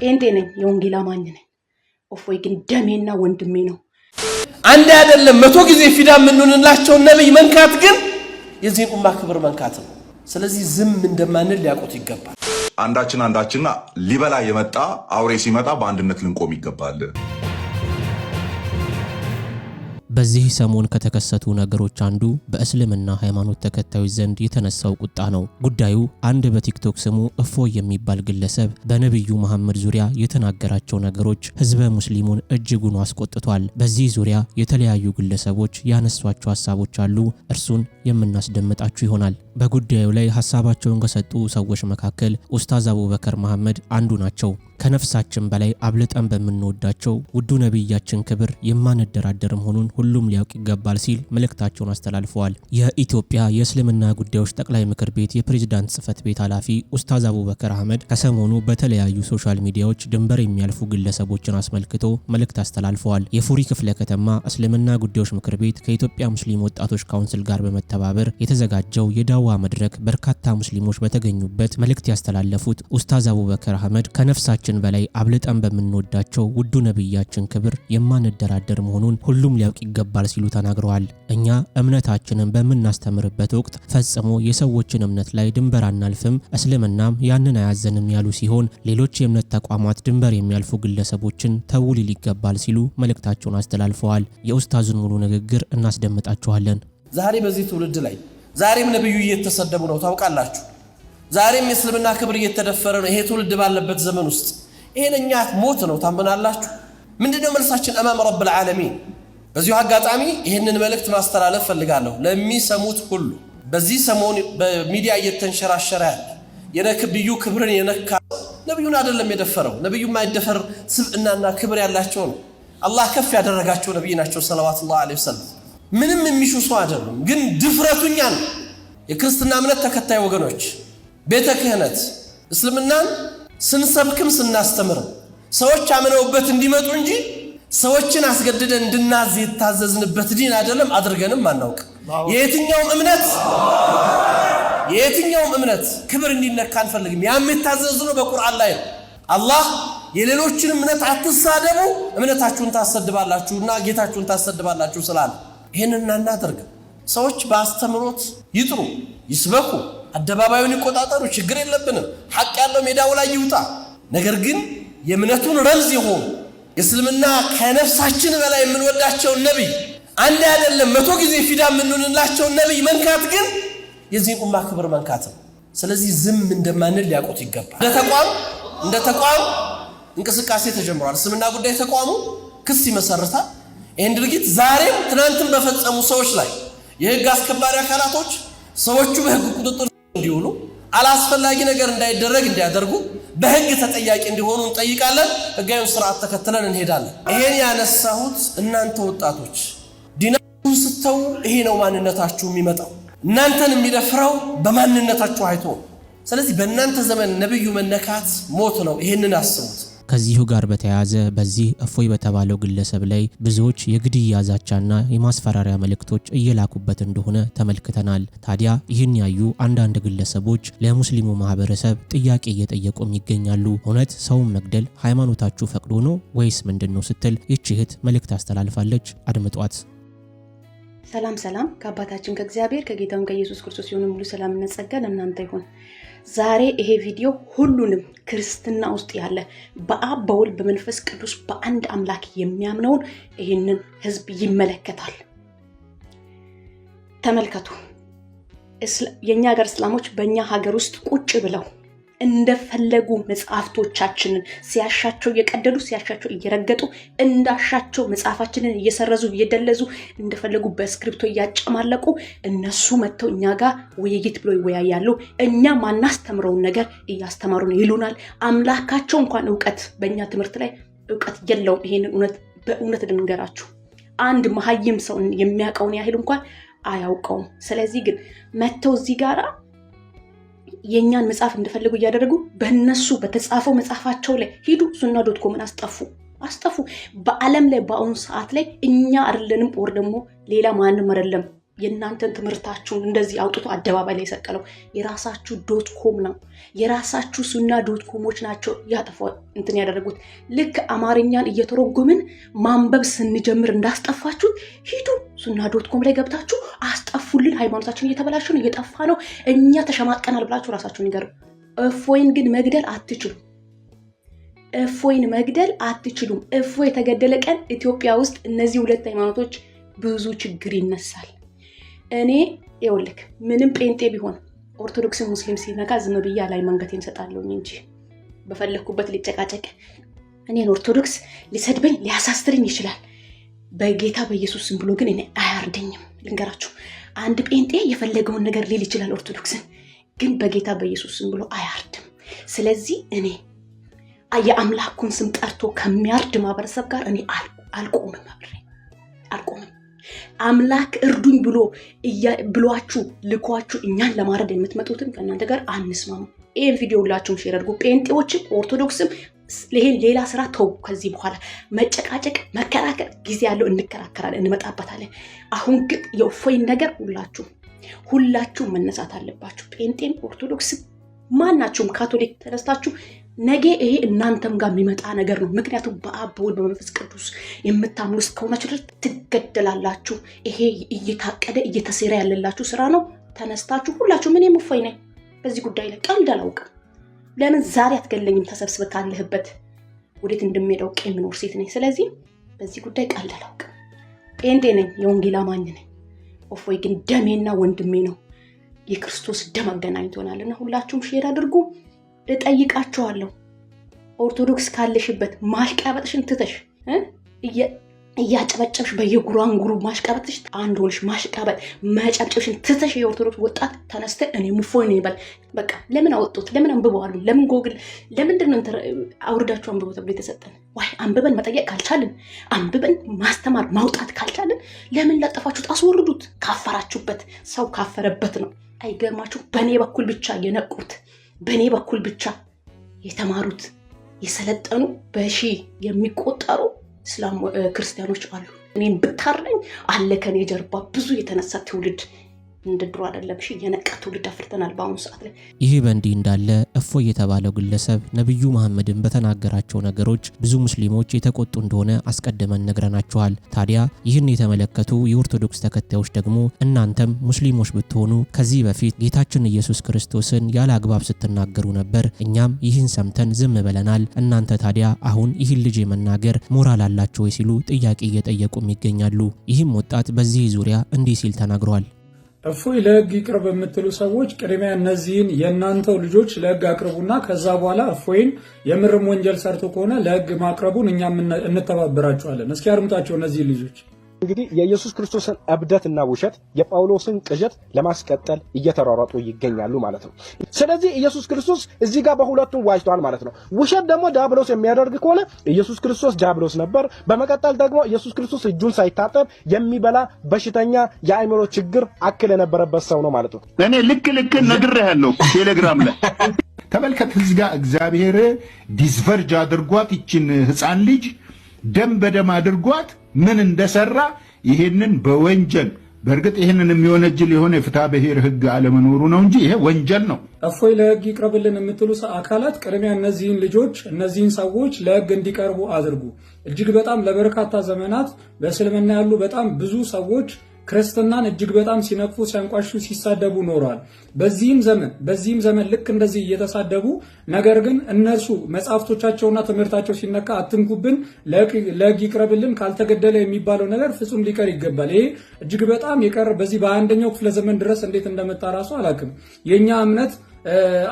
ጴንጤ ነኝ፣ የወንጌል አማኝ ነኝ። እፎይ ግን ደሜና ወንድሜ ነው። አንድ አይደለም መቶ ጊዜ ፊዳ የምንሆንላቸውን ነብይ መንካት ግን የዚህን ኡማ ክብር መንካት ነው። ስለዚህ ዝም እንደማንል ሊያውቁት ይገባል። አንዳችን አንዳችን ሊበላ የመጣ አውሬ ሲመጣ በአንድነት ልንቆም ይገባል። በዚህ ሰሞን ከተከሰቱ ነገሮች አንዱ በእስልምና ሃይማኖት ተከታዮች ዘንድ የተነሳው ቁጣ ነው። ጉዳዩ አንድ በቲክቶክ ስሙ እፎ የሚባል ግለሰብ በነቢዩ መሐመድ ዙሪያ የተናገራቸው ነገሮች ህዝበ ሙስሊሙን እጅጉን አስቆጥቷል። በዚህ ዙሪያ የተለያዩ ግለሰቦች ያነሷቸው ሀሳቦች አሉ። እርሱን የምናስደምጣችሁ ይሆናል። በጉዳዩ ላይ ሀሳባቸውን ከሰጡ ሰዎች መካከል ኡስታዝ አቡበከር መሐመድ አንዱ ናቸው። ከነፍሳችን በላይ አብልጠን በምንወዳቸው ውዱ ነቢያችን ክብር የማንደራደር መሆኑን ሁሉም ሊያውቅ ይገባል ሲል መልእክታቸውን አስተላልፈዋል። የኢትዮጵያ የእስልምና ጉዳዮች ጠቅላይ ምክር ቤት የፕሬዝዳንት ጽህፈት ቤት ኃላፊ ኡስታዝ አቡበከር አህመድ ከሰሞኑ በተለያዩ ሶሻል ሚዲያዎች ድንበር የሚያልፉ ግለሰቦችን አስመልክቶ መልእክት አስተላልፈዋል። የፉሪ ክፍለ ከተማ እስልምና ጉዳዮች ምክር ቤት ከኢትዮጵያ ሙስሊም ወጣቶች ካውንስል ጋር በመተባበር የተዘጋጀው የዳዋ መድረክ በርካታ ሙስሊሞች በተገኙበት መልእክት ያስተላለፉት ኡስታዝ አቡበከር አህመድ ከነፍሳችን በላይ አብልጠን በምንወዳቸው ውዱ ነቢያችን ክብር የማንደራደር መሆኑን ሁሉም ሊያውቅ ይገባል ሲሉ ተናግረዋል። እኛ እምነታችንን በምናስተምርበት ወቅት ፈጽሞ የሰዎችን እምነት ላይ ድንበር አናልፍም፣ እስልምናም ያንን አያዘንም ያሉ ሲሆን ሌሎች የእምነት ተቋማት ድንበር የሚያልፉ ግለሰቦችን ተውሊል ይገባል ሲሉ መልእክታቸውን አስተላልፈዋል። የኡስታዙን ሙሉ ንግግር እናስደምጣችኋለን። ዛሬ በዚህ ትውልድ ላይ ዛሬም ነብዩ እየተሰደቡ ነው፣ ታውቃላችሁ። ዛሬም የእስልምና ክብር እየተደፈረ ነው። ይሄ ትውልድ ባለበት ዘመን ውስጥ ይሄን እኛ ሞት ነው ታምናላችሁ። ምንድነው መልሳችን? አማም ረብል ዓለሚን በዚሁ አጋጣሚ ይህንን መልእክት ማስተላለፍ ፈልጋለሁ ለሚሰሙት ሁሉ። በዚህ ሰሞን በሚዲያ እየተንሸራሸረ ያለ የነብዩ ክብርን የነካ ነቢዩን አይደለም የደፈረው። ነቢዩ የማይደፈር ስብዕናና ክብር ያላቸው ነው። አላህ ከፍ ያደረጋቸው ነቢይ ናቸው፣ ሰለዋቱላሁ ዐለይሂ ወሰለም። ምንም የሚሹ ሰው አይደሉም። ግን ድፍረቱኛ ነው። የክርስትና እምነት ተከታይ ወገኖች፣ ቤተ ክህነት እስልምናን ስንሰብክም ስናስተምርም ሰዎች አምነውበት እንዲመጡ እንጂ ሰዎችን አስገድደን እንድናዝ የታዘዝንበት ዲን አይደለም፣ አድርገንም አናውቅ። የየትኛውም እምነት የየትኛውም እምነት ክብር እንዲነካ አንፈልግም። ያም የታዘዝነው በቁርአን ላይ ነው። አላህ የሌሎችን እምነት አትሳደቡ፣ እምነታችሁን እና ጌታችሁን ታሰድባላችሁ ስላለ ይህንን አናደርግም። ሰዎች በአስተምሮት ይጥሩ፣ ይስበኩ፣ አደባባዩን ይቆጣጠሩ፣ ችግር የለብንም። ሐቅ ያለው ሜዳው ላይ ይውጣ። ነገር ግን የእምነቱን ረምዝ የሆኑ የእስልምና ከነፍሳችን በላይ የምንወዳቸውን ነቢይ አንድ አይደለም መቶ ጊዜ ፊዳ የምንሆንላቸውን ነቢይ መንካት ግን የዚህን ኡማ ክብር መንካት ነው። ስለዚህ ዝም እንደማንል ሊያውቁት ይገባል። እንደ ተቋም እንደ ተቋም እንቅስቃሴ ተጀምሯል። እስልምና ጉዳይ ተቋሙ ክስ ይመሰርታል። ይህን ድርጊት ዛሬም ትናንትም በፈጸሙ ሰዎች ላይ የህግ አስከባሪ አካላቶች ሰዎቹ በህግ ቁጥጥር እንዲውሉ አላስፈላጊ ነገር እንዳይደረግ እንዲያደርጉ በህግ ተጠያቂ እንዲሆኑ እንጠይቃለን። ህጋዊን ስርዓት ተከትለን እንሄዳለን። ይሄን ያነሳሁት እናንተ ወጣቶች ዲናችሁን ስተው ይሄ ነው ማንነታችሁ የሚመጣው እናንተን የሚደፍረው በማንነታችሁ አይቶ። ስለዚህ በእናንተ ዘመን ነብዩ መነካት ሞት ነው። ይሄንን አስቡት። ከዚሁ ጋር በተያያዘ በዚህ እፎይ በተባለው ግለሰብ ላይ ብዙዎች የግድያ ዛቻና የማስፈራሪያ መልእክቶች እየላኩበት እንደሆነ ተመልክተናል። ታዲያ ይህን ያዩ አንዳንድ ግለሰቦች ለሙስሊሙ ማህበረሰብ ጥያቄ እየጠየቁም ይገኛሉ። እውነት ሰውን መግደል ሃይማኖታችሁ ፈቅዶ ነው ወይስ ምንድን ነው ስትል ይቺ እህት መልእክት አስተላልፋለች። አድምጧት። ሰላም ሰላም፣ ከአባታችን ከእግዚአብሔር ከጌታውን ከኢየሱስ ክርስቶስ የሆኑ ሙሉ ሰላም ጸጋ ለእናንተ ይሁን። ዛሬ ይሄ ቪዲዮ ሁሉንም ክርስትና ውስጥ ያለ በአብ በወልድ በመንፈስ ቅዱስ በአንድ አምላክ የሚያምነውን ይህንን ህዝብ ይመለከታል። ተመልከቱ። የእኛ ሀገር እስላሞች በእኛ ሀገር ውስጥ ቁጭ ብለው እንደፈለጉ መጽሐፍቶቻችንን ሲያሻቸው እየቀደዱ ሲያሻቸው እየረገጡ እንዳሻቸው መጽሐፋችንን እየሰረዙ እየደለዙ እንደፈለጉ በስክሪፕቶ እያጨማለቁ እነሱ መጥተው እኛ ጋር ውይይት ብሎ ይወያያሉ። እኛ ማናስተምረውን ነገር እያስተማሩ ነው ይሉናል። አምላካቸው እንኳን እውቀት በእኛ ትምህርት ላይ እውቀት የለውም። ይሄንን እውነት በእውነት ልንገራችሁ፣ አንድ መሀይም ሰው የሚያውቀውን ያህል እንኳን አያውቀውም። ስለዚህ ግን መጥተው እዚህ ጋራ የእኛን መጽሐፍ እንደፈለጉ እያደረጉ በእነሱ በተጻፈው መጽሐፋቸው ላይ ሂዱ ሱና ዶት ኮምን አስጠፉ አስጠፉ። በዓለም ላይ በአሁኑ ሰዓት ላይ እኛ አይደለንም፣ ወር ደግሞ ሌላ ማንም አይደለም የእናንተን ትምህርታችሁን እንደዚህ አውጥቶ አደባባይ ላይ የሰቀለው የራሳችሁ ዶት ኮም ነው። የራሳችሁ ሱና ዶት ኮሞች ናቸው ያጠፋ እንትን ያደረጉት። ልክ አማርኛን እየተረጎምን ማንበብ ስንጀምር እንዳስጠፋችሁ ሂዱ ሱና ዶት ኮም ላይ ገብታችሁ አስጠፉልን። ሃይማኖታችን እየተበላሸ ነው፣ እየጠፋ ነው፣ እኛ ተሸማቀናል ብላችሁ ራሳችሁን ይገርም። እፎይን ግን መግደል አትችሉም። እፎይን መግደል አትችሉም። እፎ የተገደለ ቀን ኢትዮጵያ ውስጥ እነዚህ ሁለት ሃይማኖቶች ብዙ ችግር ይነሳል። እኔ ይኸውልህ ምንም ጴንጤ ቢሆን ኦርቶዶክስ ሙስሊም ሲነካ ዝም ብያ ላይ መንገቴን ሰጣለሁኝ እንጂ በፈለግኩበት ሊጨቃጨቅ እኔን ኦርቶዶክስ ሊሰድበኝ ሊያሳስርኝ ይችላል። በጌታ በኢየሱስ ስም ብሎ ግን እኔ አያርደኝም። ልንገራችሁ፣ አንድ ጴንጤ የፈለገውን ነገር ሊል ይችላል ኦርቶዶክስን፣ ግን በጌታ በኢየሱስ ስም ብሎ አያርድም። ስለዚህ እኔ የአምላኩን ስም ጠርቶ ከሚያርድ ማህበረሰብ ጋር እኔ አልቆምም፣ አብሬ አልቆምም። አምላክ እርዱኝ ብሎ ብሏችሁ ልኳችሁ እኛን ለማረድ የምትመጡትን ከእናንተ ጋር አንስማሙ። ይህን ቪዲዮ ሁላችሁም ሼር አድርጉ። ጴንጤዎችም ኦርቶዶክስም ይሄን ሌላ ስራ ተው። ከዚህ በኋላ መጨቃጨቅ፣ መከራከር ጊዜ ያለው እንከራከራለን፣ እንመጣበታለን። አሁን ግን የእፎይን ነገር ሁላችሁ ሁላችሁ መነሳት አለባችሁ። ጴንጤም ኦርቶዶክስም ማናችሁም ካቶሊክ ተነስታችሁ ነገ ይሄ እናንተም ጋር የሚመጣ ነገር ነው። ምክንያቱም በአብ በወልድ በመንፈስ ቅዱስ የምታምኑ እስከሆናችሁ ድረስ ትገደላላችሁ። ይሄ እየታቀደ እየተሴራ ያለላችሁ ስራ ነው። ተነስታችሁ ሁላችሁ ምን የሙፋኝ ነኝ በዚህ ጉዳይ ላይ ቀልድ አላውቅም። ለምን ዛሬ አትገለኝም? ተሰብስበ ካለህበት ወዴት እንደሚሄደው አውቄ የምኖር ሴት ነኝ። ስለዚህ በዚህ ጉዳይ ቀልድ አላውቅም። ጴንጤ ነኝ፣ የወንጌል አማኝ ነኝ። እፎይ ግን ደሜና ወንድሜ ነው። የክርስቶስ ደም አገናኝቶናል እና ሁላችሁም ሼር አድርጉ። እጠይቃችኋለሁ ኦርቶዶክስ ካለሽበት ማሽቃበጥሽን ትተሽ እያጨበጨብሽ በየጉራንጉሩ ማሽቃበጥሽ አንድ ሆንሽ ማሽቃበጥ መጨብጨብሽን ትተሽ የኦርቶዶክስ ወጣት ተነስተ እኔ ሙፎ ነው ይበል። በቃ ለምን አወጡት? ለምን አንብበዋሉ? ለምን ጎግል ለምንድን ነው አውርዳችሁ አንብበው ተብሎ የተሰጠን? ዋይ አንብበን መጠየቅ ካልቻልን፣ አንብበን ማስተማር ማውጣት ካልቻልን ለምን ለጠፋችሁት? አስወርዱት። ካፈራችሁበት። ሰው ካፈረበት ነው። አይገርማችሁ? በእኔ በኩል ብቻ የነቁት በእኔ በኩል ብቻ የተማሩት የሰለጠኑ በሺ የሚቆጠሩ ክርስቲያኖች አሉ። እኔም ብታረኝ አለ ከኔ ጀርባ ብዙ የተነሳ ትውልድ እንድድሮ አይደለም ሺ የነቃ ትውልድ አፍርተናል በአሁኑ ሰዓት ላይ። ይህ በእንዲህ እንዳለ እፎ የተባለው ግለሰብ ነቢዩ መሐመድን በተናገራቸው ነገሮች ብዙ ሙስሊሞች የተቆጡ እንደሆነ አስቀድመን ነግረናችኋል። ታዲያ ይህን የተመለከቱ የኦርቶዶክስ ተከታዮች ደግሞ እናንተም ሙስሊሞች ብትሆኑ ከዚህ በፊት ጌታችን ኢየሱስ ክርስቶስን ያለ አግባብ ስትናገሩ ነበር፣ እኛም ይህን ሰምተን ዝም ብለናል። እናንተ ታዲያ አሁን ይህን ልጅ የመናገር ሞራል አላቸው ወይ ሲሉ ጥያቄ እየጠየቁም ይገኛሉ። ይህም ወጣት በዚህ ዙሪያ እንዲህ ሲል ተናግሯል። እፎይ ለሕግ ይቅርብ የምትሉ ሰዎች ቅድሚያ እነዚህን የእናንተው ልጆች ለህግ አቅርቡና ከዛ በኋላ እፎይን የምርም ወንጀል ሰርቶ ከሆነ ለህግ ማቅረቡን እኛም እንተባበራችኋለን። እስኪ አድምጧቸው እነዚህን ልጆች። እንግዲህ የኢየሱስ ክርስቶስን እብደትና ውሸት የጳውሎስን ቅዠት ለማስቀጠል እየተሯሯጡ ይገኛሉ ማለት ነው። ስለዚህ ኢየሱስ ክርስቶስ እዚህ ጋር በሁለቱም ዋጅቷል ማለት ነው። ውሸት ደግሞ ዲያብሎስ የሚያደርግ ከሆነ ኢየሱስ ክርስቶስ ዲያብሎስ ነበር። በመቀጠል ደግሞ ኢየሱስ ክርስቶስ እጁን ሳይታጠብ የሚበላ በሽተኛ፣ የአእምሮ ችግር አክል የነበረበት ሰው ነው ማለት ነው። እኔ ልክ ልክ ነግሬሃለሁ ቴሌግራም ላይ ተመልከት። እዚህ ጋር እግዚአብሔር ዲስቨርጅ አድርጓት ይችን ህፃን ልጅ ደም በደም አድርጓት ምን እንደሰራ ይህንን በወንጀል በእርግጥ ይህንን የሚወነጅል የሆነ የፍትሐ ብሔር ህግ አለመኖሩ ነው እንጂ ይሄ ወንጀል ነው። እፎይ ለህግ ይቅረብልን የምትሉ አካላት ቅድሚያ እነዚህን ልጆች እነዚህን ሰዎች ለህግ እንዲቀርቡ አድርጉ። እጅግ በጣም ለበርካታ ዘመናት በእስልምና ያሉ በጣም ብዙ ሰዎች ክርስትናን እጅግ በጣም ሲነቅፉ፣ ሲያንቋሹ፣ ሲሳደቡ ኖረዋል። በዚህም ዘመን በዚህም ዘመን ልክ እንደዚህ እየተሳደቡ ነገር ግን እነሱ መጽሐፍቶቻቸውና ትምህርታቸው ሲነካ አትንኩብን፣ ለህግ ይቅረብልን፣ ካልተገደለ የሚባለው ነገር ፍጹም ሊቀር ይገባል። ይሄ እጅግ በጣም የቀረ በዚህ በአንደኛው ክፍለ ዘመን ድረስ እንዴት እንደመጣ ራሱ አላውቅም። የእኛ እምነት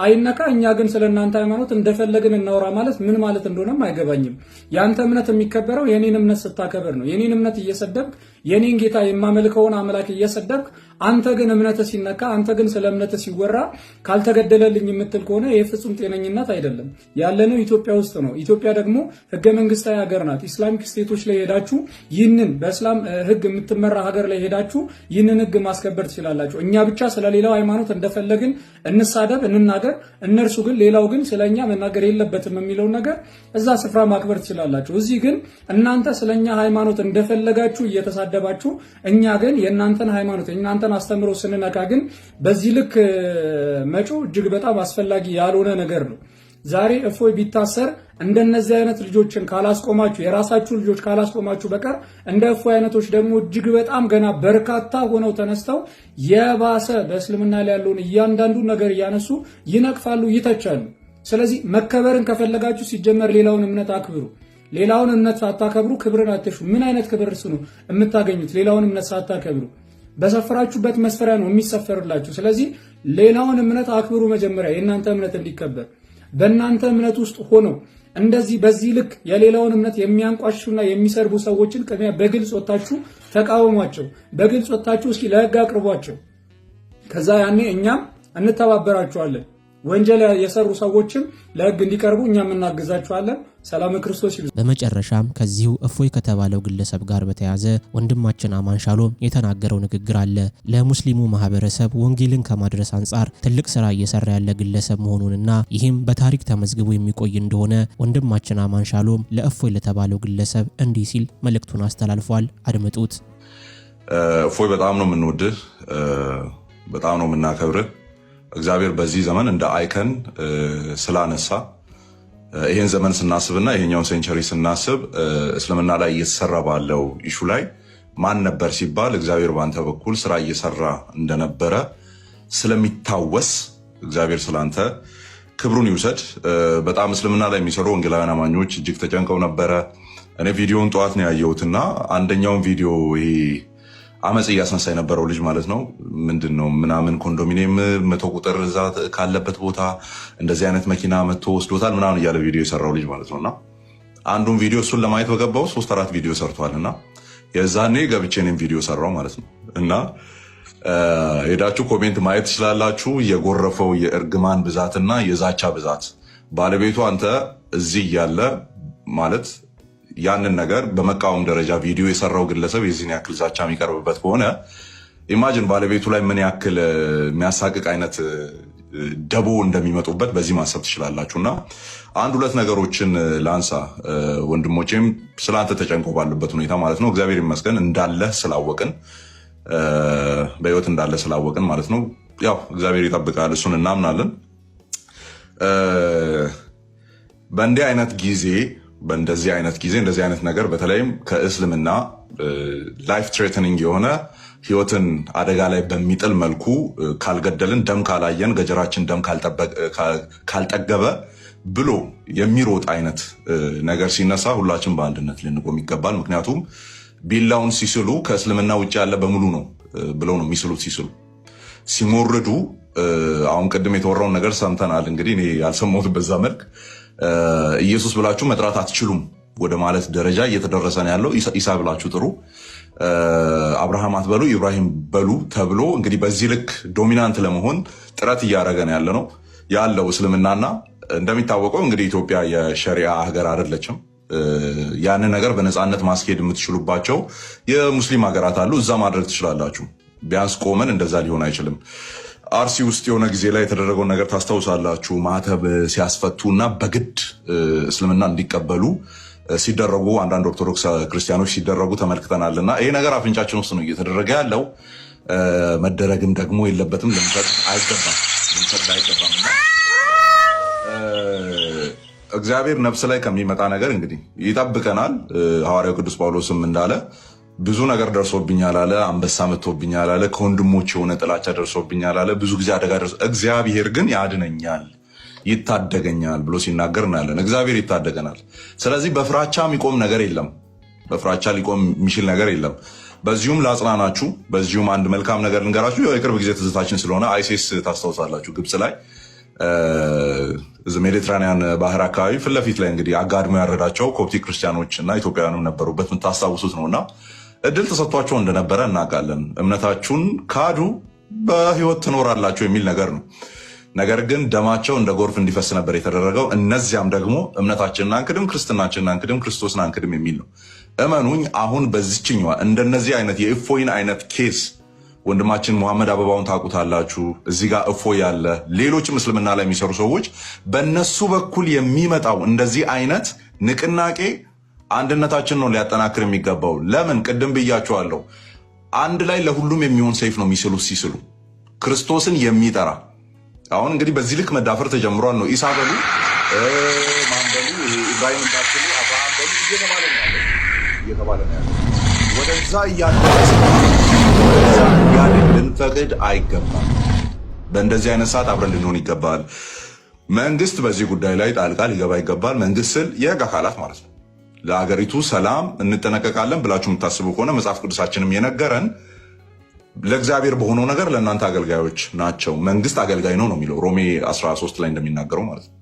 አይነካ፣ እኛ ግን ስለ እናንተ ሃይማኖት እንደፈለግን እናውራ ማለት ምን ማለት እንደሆነም አይገባኝም። የአንተ እምነት የሚከበረው የኔን እምነት ስታከብር ነው። የኔን እምነት እየሰደብክ የኔን ጌታ የማመልከውን አምላክ እየሰደብክ አንተ ግን እምነት ሲነካ፣ አንተ ግን ስለ እምነት ሲወራ ካልተገደለልኝ የምትል ከሆነ የፍጹም ጤነኝነት አይደለም። ያለነው ኢትዮጵያ ውስጥ ነው። ኢትዮጵያ ደግሞ ህገ መንግስታዊ ሀገር ናት። ኢስላሚክ ስቴቶች ላይ ሄዳችሁ ይህንን በእስላም ህግ የምትመራ ሀገር ላይ ሄዳችሁ ይህንን ህግ ማስከበር ትችላላችሁ። እኛ ብቻ ስለሌላው ሃይማኖት እንደፈለግን እንሳደብ እንናገር፣ እነርሱ ግን ሌላው ግን ስለኛ መናገር የለበትም የሚለውን ነገር እዛ ስፍራ ማክበር ትችላላችሁ። እዚህ ግን እናንተ ስለኛ ሃይማኖት እንደፈለጋችሁ እየተሳደባችሁ፣ እኛ ግን የእናንተን ሃይማኖት የእናንተን አስተምሮ ስንነካ ግን በዚህ ልክ መጮ እጅግ በጣም አስፈላጊ ያልሆነ ነገር ነው። ዛሬ እፎይ ቢታሰር እንደነዚህ አይነት ልጆችን ካላስቆማችሁ የራሳችሁ ልጆች ካላስቆማችሁ በቀር እንደ እፎይ አይነቶች ደግሞ እጅግ በጣም ገና በርካታ ሆነው ተነስተው የባሰ በእስልምና ላይ ያለውን እያንዳንዱን ነገር እያነሱ ይነቅፋሉ፣ ይተቻሉ። ስለዚህ መከበርን ከፈለጋችሁ ሲጀመር ሌላውን እምነት አክብሩ። ሌላውን እምነት ሳታከብሩ ክብርን አትሹ። ምን አይነት ክብር ስኑ የምታገኙት? ሌላውን እምነት ሳታከብሩ በሰፈራችሁበት መስፈሪያ ነው የሚሰፈርላችሁ። ስለዚህ ሌላውን እምነት አክብሩ መጀመሪያ የእናንተ እምነት እንዲከበር በእናንተ እምነት ውስጥ ሆነው እንደዚህ በዚህ ልክ የሌላውን እምነት የሚያንቋሹና የሚሰርቡ ሰዎችን ቅድሚያ በግልጽ ወታችሁ ተቃወሟቸው። በግልጽ ወታችሁ እስኪ ለህግ አቅርቧቸው። ከዛ ያኔ እኛም እንተባበራችኋለን። ወንጀል የሰሩ ሰዎችም ለህግ እንዲቀርቡ እኛም እናግዛቸዋለን። ሰላም ክርስቶስ ይብዛ። በመጨረሻም ከዚሁ እፎይ ከተባለው ግለሰብ ጋር በተያዘ ወንድማችን አማን ሻሎም የተናገረው ንግግር አለ። ለሙስሊሙ ማህበረሰብ ወንጌልን ከማድረስ አንጻር ትልቅ ስራ እየሰራ ያለ ግለሰብ መሆኑንና ይህም በታሪክ ተመዝግቦ የሚቆይ እንደሆነ ወንድማችን አማን ሻሎም ለእፎይ ለተባለው ግለሰብ እንዲህ ሲል መልእክቱን አስተላልፏል። አድምጡት። እፎይ በጣም ነው የምንወድህ፣ በጣም ነው የምናከብርህ እግዚአብሔር በዚህ ዘመን እንደ አይከን ስላነሳ ይሄን ዘመን ስናስብና ይሄኛውን ሴንቸሪ ስናስብ እስልምና ላይ እየተሰራ ባለው ኢሹ ላይ ማን ነበር ሲባል እግዚአብሔር በአንተ በኩል ስራ እየሰራ እንደነበረ ስለሚታወስ እግዚአብሔር ስላንተ ክብሩን ይውሰድ። በጣም እስልምና ላይ የሚሰሩ ወንጌላውያን አማኞች እጅግ ተጨንቀው ነበረ። እኔ ቪዲዮውን ጠዋት ነው ያየሁትና አንደኛውን ቪዲዮ ይሄ አመፅ እያስነሳ የነበረው ልጅ ማለት ነው። ምንድን ነው ምናምን ኮንዶሚኒየም መቶ ቁጥር እዛ ካለበት ቦታ እንደዚህ አይነት መኪና መቶ ወስዶታል ምናምን እያለ ቪዲዮ የሰራው ልጅ ማለት ነው። እና አንዱን ቪዲዮ እሱን ለማየት በገባው ሶስት አራት ቪዲዮ ሰርቷል። እና የዛኔ ገብቼ እኔም ቪዲዮ ሰራው ማለት ነው። እና ሄዳችሁ ኮሜንት ማየት ትችላላችሁ። የጎረፈው የእርግማን ብዛትና የዛቻ ብዛት ባለቤቱ አንተ እዚህ እያለ ማለት ያንን ነገር በመቃወም ደረጃ ቪዲዮ የሰራው ግለሰብ የዚህን ያክል ዛቻ የሚቀርብበት ከሆነ ኢማጅን ባለቤቱ ላይ ምን ያክል የሚያሳቅቅ አይነት ደቦ እንደሚመጡበት በዚህ ማሰብ ትችላላችሁ። እና አንድ ሁለት ነገሮችን ላንሳ። ወንድሞቼም ስለአንተ ተጨንቆ ባለበት ሁኔታ ማለት ነው። እግዚአብሔር ይመስገን እንዳለ ስላወቅን፣ በህይወት እንዳለ ስላወቅን ማለት ነው። ያው እግዚአብሔር ይጠብቃል፣ እሱን እናምናለን። በእንዲህ አይነት ጊዜ በእንደዚህ አይነት ጊዜ እንደዚህ አይነት ነገር በተለይም ከእስልምና ላይፍ ትሬትኒንግ የሆነ ህይወትን አደጋ ላይ በሚጥል መልኩ ካልገደልን፣ ደም ካላየን፣ ገጀራችን ደም ካልጠገበ ብሎ የሚሮጥ አይነት ነገር ሲነሳ ሁላችን በአንድነት ልንቆም ይገባል። ምክንያቱም ቢላውን ሲስሉ ከእስልምና ውጭ ያለ በሙሉ ነው ብለው ነው የሚስሉት። ሲስሉ ሲሞርዱ፣ አሁን ቅድም የተወራውን ነገር ሰምተናል። እንግዲህ እኔ ያልሰማሁት በዛ መልክ ኢየሱስ ብላችሁ መጥራት አትችሉም ወደ ማለት ደረጃ እየተደረሰ ነው ያለው። ኢሳ ብላችሁ ጥሩ፣ አብርሃም አትበሉ፣ ኢብራሂም በሉ ተብሎ እንግዲህ በዚህ ልክ ዶሚናንት ለመሆን ጥረት እያደረገ ነው ያለ ነው ያለው እስልምናና እንደሚታወቀው እንግዲህ ኢትዮጵያ የሸሪያ ሀገር አይደለችም። ያንን ነገር በነፃነት ማስኬድ የምትችሉባቸው የሙስሊም ሀገራት አሉ። እዛ ማድረግ ትችላላችሁ። ቢያንስ ቆመን እንደዛ ሊሆን አይችልም። አርሲ ውስጥ የሆነ ጊዜ ላይ የተደረገውን ነገር ታስታውሳላችሁ። ማተብ ሲያስፈቱ እና በግድ እስልምና እንዲቀበሉ ሲደረጉ አንዳንድ ኦርቶዶክስ ክርስቲያኖች ሲደረጉ ተመልክተናል። እና ይሄ ነገር አፍንጫችን ውስጥ ነው እየተደረገ ያለው። መደረግም ደግሞ የለበትም፣ ልንፈቅድ አይገባም፣ ልንፈቅድ አይገባም። እግዚአብሔር ነፍስ ላይ ከሚመጣ ነገር እንግዲህ ይጠብቀናል። ሐዋርያው ቅዱስ ጳውሎስም እንዳለ ብዙ ነገር ደርሶብኛል አለ። አንበሳ መቶብኛል አለ። ከወንድሞች የሆነ ጥላቻ ደርሶብኛል አለ። ብዙ ጊዜ አደጋ ደርሶ እግዚአብሔር ግን ያድነኛል ይታደገኛል ብሎ ሲናገር እናያለን። እግዚአብሔር ይታደገናል። ስለዚህ በፍራቻ የሚቆም ነገር የለም። በፍራቻ ሊቆም የሚችል ነገር የለም። በዚሁም ላጽናናችሁ፣ በዚሁም አንድ መልካም ነገር ልንገራችሁ። የቅርብ ጊዜ ትዝታችን ስለሆነ አይሴስ ታስታውሳላችሁ። ግብፅ ላይ ሜዲትራኒያን ባህር አካባቢ ፊት ለፊት ላይ እንግዲህ አጋድሞ ያረዳቸው ኮፕቲክ ክርስቲያኖች እና ኢትዮጵያውያንም ነበሩበት የምታስታውሱት ነው እና እድል ተሰጥቷቸው እንደነበረ እናውቃለን። እምነታችሁን ካዱ፣ በህይወት ትኖራላችሁ የሚል ነገር ነው። ነገር ግን ደማቸው እንደ ጎርፍ እንዲፈስ ነበር የተደረገው። እነዚያም ደግሞ እምነታችንን አንክድም፣ ክርስትናችንን አንክድም፣ ክርስቶስን አንክድም የሚል ነው። እመኑኝ፣ አሁን በዚችኛዋ እንደነዚህ አይነት የእፎይን አይነት ኬስ ወንድማችን መሐመድ አበባውን ታውቁታላችሁ። እዚህ ጋር እፎ ያለ ሌሎችም እስልምና ላይ የሚሰሩ ሰዎች በእነሱ በኩል የሚመጣው እንደዚህ አይነት ንቅናቄ አንድነታችን ነው ሊያጠናክር የሚገባው። ለምን ቅድም ብያችኋለሁ፣ አንድ ላይ ለሁሉም የሚሆን ሰይፍ ነው የሚስሉ ሲስሉ ክርስቶስን የሚጠራ አሁን እንግዲህ በዚህ ልክ መዳፈር ተጀምሯል። ነው ኢሳ በሉ ማንበሉ ኢብራሂም እንዳስሉ አብርሃም በሉ እየተባለ ነው ያለ እየተባለ ነው ያለ ወደዛ እያደረስ ወደዛ ልንፈቅድ አይገባም። በእንደዚህ አይነት ሰዓት አብረን ልንሆን ይገባል። መንግስት በዚህ ጉዳይ ላይ ጣልቃ ሊገባ ይገባል። መንግስት ስል የህግ አካላት ማለት ነው። ለአገሪቱ ሰላም እንጠነቀቃለን ብላችሁ የምታስቡ ከሆነ መጽሐፍ ቅዱሳችንም የነገረን ለእግዚአብሔር በሆነው ነገር ለእናንተ አገልጋዮች ናቸው። መንግስት አገልጋይ ነው ነው የሚለው ሮሜ 13 ላይ እንደሚናገረው ማለት ነው።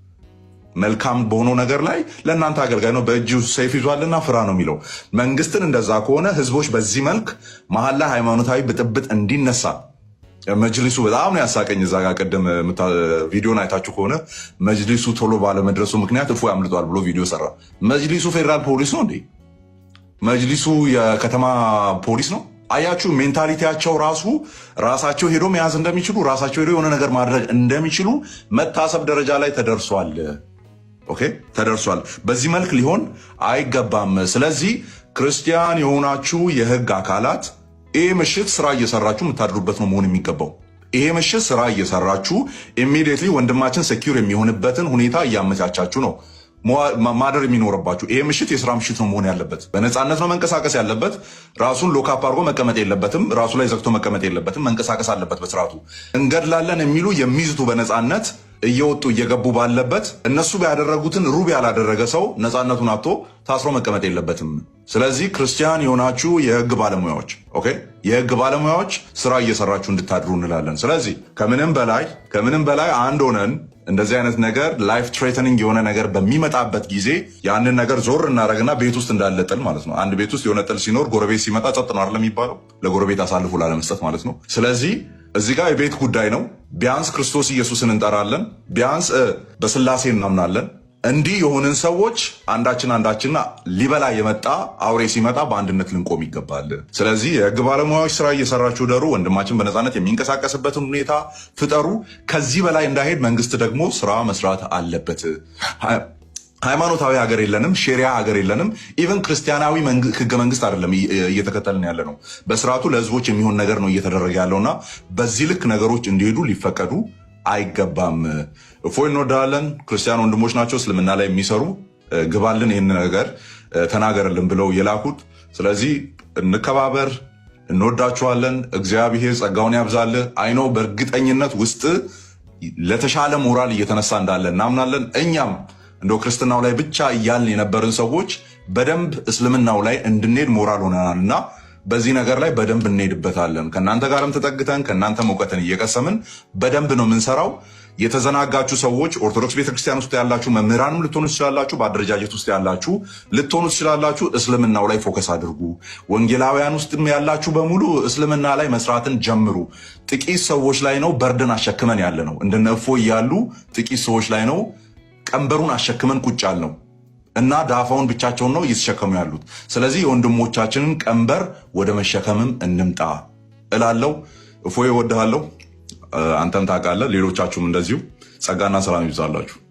መልካም በሆነው ነገር ላይ ለእናንተ አገልጋይ ነው፣ በእጅ ሰይፍ ይዟልና ፍራ ነው የሚለው መንግስትን። እንደዛ ከሆነ ህዝቦች በዚህ መልክ መሀል ላይ ሃይማኖታዊ ብጥብጥ እንዲነሳ መጅሊሱ በጣም ነው ያሳቀኝ። እዛ ጋር ቀደም ቪዲዮን አይታችሁ ከሆነ መጅሊሱ ቶሎ ባለመድረሱ ምክንያት እፎ ያምልጧል ብሎ ቪዲዮ ሰራ። መጅሊሱ ፌዴራል ፖሊስ ነው እንዴ? መጅሊሱ የከተማ ፖሊስ ነው? አያችሁ ሜንታሊቲያቸው ራሱ ራሳቸው ሄዶ መያዝ እንደሚችሉ ራሳቸው ሄዶ የሆነ ነገር ማድረግ እንደሚችሉ መታሰብ ደረጃ ላይ ተደርሷል። ኦኬ ተደርሷል። በዚህ መልክ ሊሆን አይገባም። ስለዚህ ክርስቲያን የሆናችሁ የህግ አካላት ይሄ ምሽት ስራ እየሰራችሁ የምታድሩበት ነው መሆን የሚገባው። ይሄ ምሽት ስራ እየሰራችሁ ኢሚዲየትሊ ወንድማችን ሴኪር የሚሆንበትን ሁኔታ እያመቻቻችሁ ነው ማደር የሚኖርባችሁ። ይሄ ምሽት የስራ ምሽት ነው መሆን ያለበት። በነፃነት ነው መንቀሳቀስ ያለበት። ራሱን ሎካፕ አድርጎ መቀመጥ የለበትም። ራሱ ላይ ዘግቶ መቀመጥ የለበትም። መንቀሳቀስ አለበት በስርዓቱ። እንገድላለን የሚሉ የሚዝቱ በነፃነት እየወጡ እየገቡ ባለበት እነሱ ያደረጉትን ሩብ ያላደረገ ሰው ነፃነቱን አጥቶ ታስሮ መቀመጥ የለበትም። ስለዚህ ክርስቲያን የሆናችሁ የህግ ባለሙያዎች ኦኬ፣ የህግ ባለሙያዎች ስራ እየሰራችሁ እንድታድሩ እንላለን። ስለዚህ ከምንም በላይ ከምንም በላይ አንድ ሆነን እንደዚህ አይነት ነገር ላይፍ ትሬተኒንግ የሆነ ነገር በሚመጣበት ጊዜ ያንን ነገር ዞር እናደረግና ቤት ውስጥ እንዳለ ጥል ማለት ነው። አንድ ቤት ውስጥ የሆነ ጥል ሲኖር ጎረቤት ሲመጣ ጸጥ ነው አይደለም የሚባለው? ለጎረቤት አሳልፎ ላለመስጠት ማለት ነው። ስለዚህ እዚህ ጋር የቤት ጉዳይ ነው። ቢያንስ ክርስቶስ ኢየሱስን እንጠራለን፣ ቢያንስ በስላሴ እናምናለን። እንዲህ የሆንን ሰዎች አንዳችን አንዳችን ሊበላ የመጣ አውሬ ሲመጣ በአንድነት ልንቆም ይገባል። ስለዚህ የህግ ባለሙያዎች ስራ እየሰራችሁ ደሩ። ወንድማችን በነፃነት የሚንቀሳቀስበትን ሁኔታ ፍጠሩ። ከዚህ በላይ እንዳይሄድ መንግስት ደግሞ ስራ መስራት አለበት። ሃይማኖታዊ ሀገር የለንም። ሼሪያ ሀገር የለንም። ኢቨን ክርስቲያናዊ ህገ መንግስት አይደለም እየተከተልን ያለ ነው። በስርዓቱ ለህዝቦች የሚሆን ነገር ነው እየተደረገ ያለውና በዚህ ልክ ነገሮች እንዲሄዱ ሊፈቀዱ አይገባም። እፎይ እንወዳለን። ክርስቲያን ወንድሞች ናቸው እስልምና ላይ የሚሰሩ ግባልን፣ ይህን ነገር ተናገርልን ብለው የላኩት። ስለዚህ እንከባበር። እንወዳችኋለን። እግዚአብሔር ጸጋውን ያብዛልህ። አይኖ በእርግጠኝነት ውስጥ ለተሻለ ሞራል እየተነሳ እንዳለ እናምናለን እኛም እንደው ክርስትናው ላይ ብቻ እያልን የነበርን ሰዎች በደንብ እስልምናው ላይ እንድንሄድ ሞራል ሆነናል እና በዚህ ነገር ላይ በደንብ እንሄድበታለን። ከእናንተ ጋርም ተጠግተን ከእናንተም እውቀትን እየቀሰምን በደንብ ነው የምንሰራው። የተዘናጋችሁ ሰዎች ኦርቶዶክስ ቤተክርስቲያን ውስጥ ያላችሁ መምህራንም ልትሆኑ ትችላላችሁ፣ በአደረጃጀት ውስጥ ያላችሁ ልትሆኑ ትችላላችሁ። እስልምናው ላይ ፎከስ አድርጉ። ወንጌላውያን ውስጥም ያላችሁ በሙሉ እስልምና ላይ መስራትን ጀምሩ። ጥቂት ሰዎች ላይ ነው በርድን አሸክመን ያለ ነው። እንደነፎ እያሉ ጥቂት ሰዎች ላይ ነው ቀንበሩን አሸክመን ቁጭ ያልነው እና ዳፋውን ብቻቸውን ነው እየተሸከሙ ያሉት። ስለዚህ የወንድሞቻችንን ቀንበር ወደ መሸከምም እንምጣ እላለው። እፎ እወድሃለሁ። አንተም ታውቃለህ፣ ሌሎቻችሁም እንደዚሁ። ጸጋና ሰላም ይብዛላችሁ።